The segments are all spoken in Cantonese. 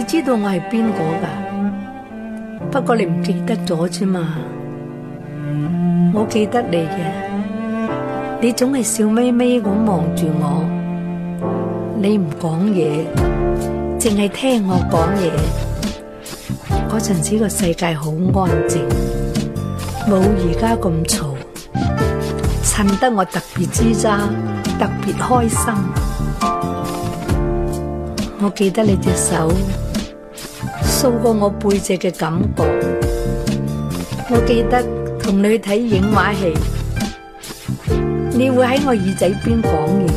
你知道我係邊個噶？不過你唔記得咗啫嘛。我記得你嘅，你總係笑眯眯咁望住我，你唔講嘢，淨係聽我講嘢。嗰陣時個世界好安靜，冇而家咁嘈，襯得我特別吱喳，特別開心。我記得你隻手。掃過我背脊嘅感覺，我記得同你去睇影畫戲，你會喺我耳仔邊講嘢，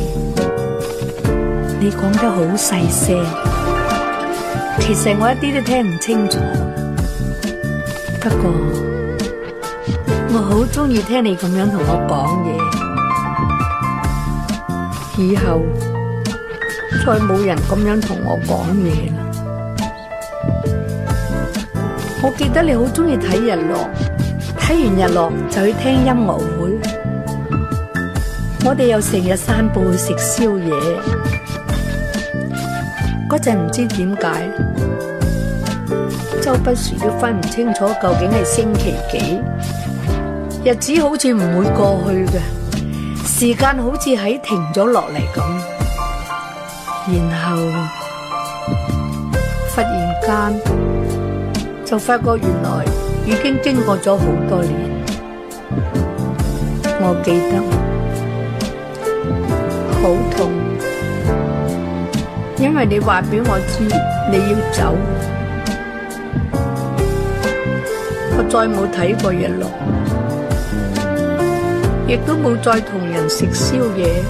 你講得好細聲，其實我一啲都聽唔清楚，不過我好中意聽你咁樣同我講嘢，以後再冇人咁樣同我講嘢。我記得你好鍾意睇日落，睇完日落就去聽音樂會，我哋又成日散步去食宵夜，嗰陣唔知點解，周不時都分唔清楚究竟係星期幾，日子好似唔會過去嘅，時間好似喺停咗落嚟咁，然後忽然間，就發覺原來已經經過咗好多年，我記得好痛，因為你話俾我知你要走，我再冇睇過日落，亦都冇再同人食宵夜，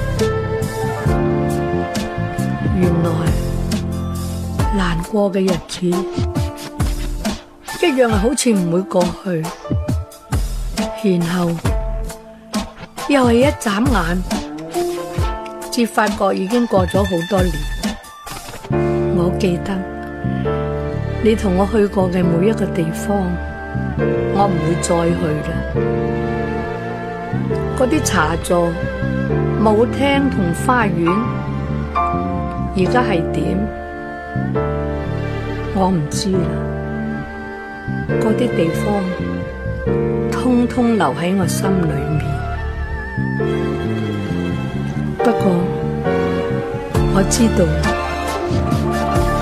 原來難過嘅日子，一樣係好似唔會過去，然後又係一眨眼，至發覺已經過咗好多年。我記得你同我去過嘅每一個地方，我唔會再去嘞。嗰啲茶座、舞廳同花園，而家係點？我唔知啦。嗰啲地方，通通留喺我心裏面。不過我知道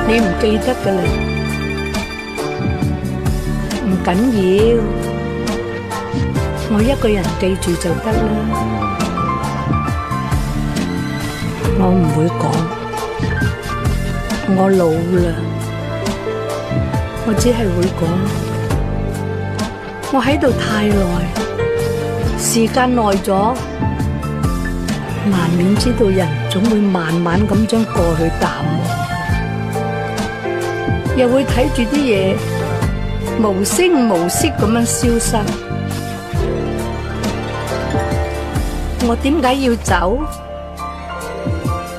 你唔記得嘅嘞，唔緊要，我一個人記住就得啦。我唔會講，我老啦，我只係會講。我喺度太耐，時間耐咗，難免知道人總會慢慢咁將過去淡忘，又會睇住啲嘢無聲無息咁樣消失。我點解要走？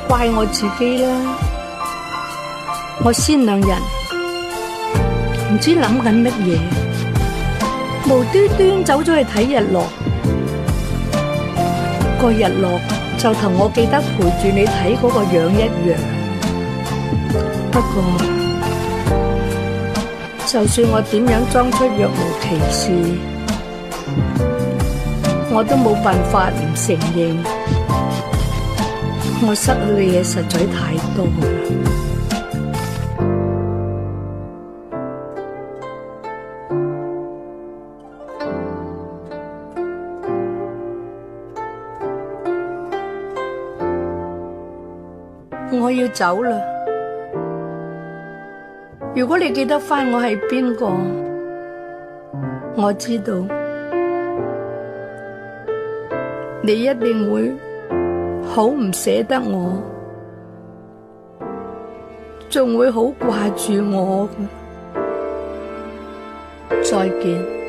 怪我自己啦！我先兩日唔知諗緊乜嘢。無端端走咗去睇日落，個日落就同我記得陪住你睇嗰個樣一樣。不過，就算我點樣裝出若無其事，我都冇辦法唔承認，我失去嘅嘢實在太多啦。我要走啦！如果你記得返我係邊個，我知道你一定會好唔捨得我，仲會好掛住我。再見。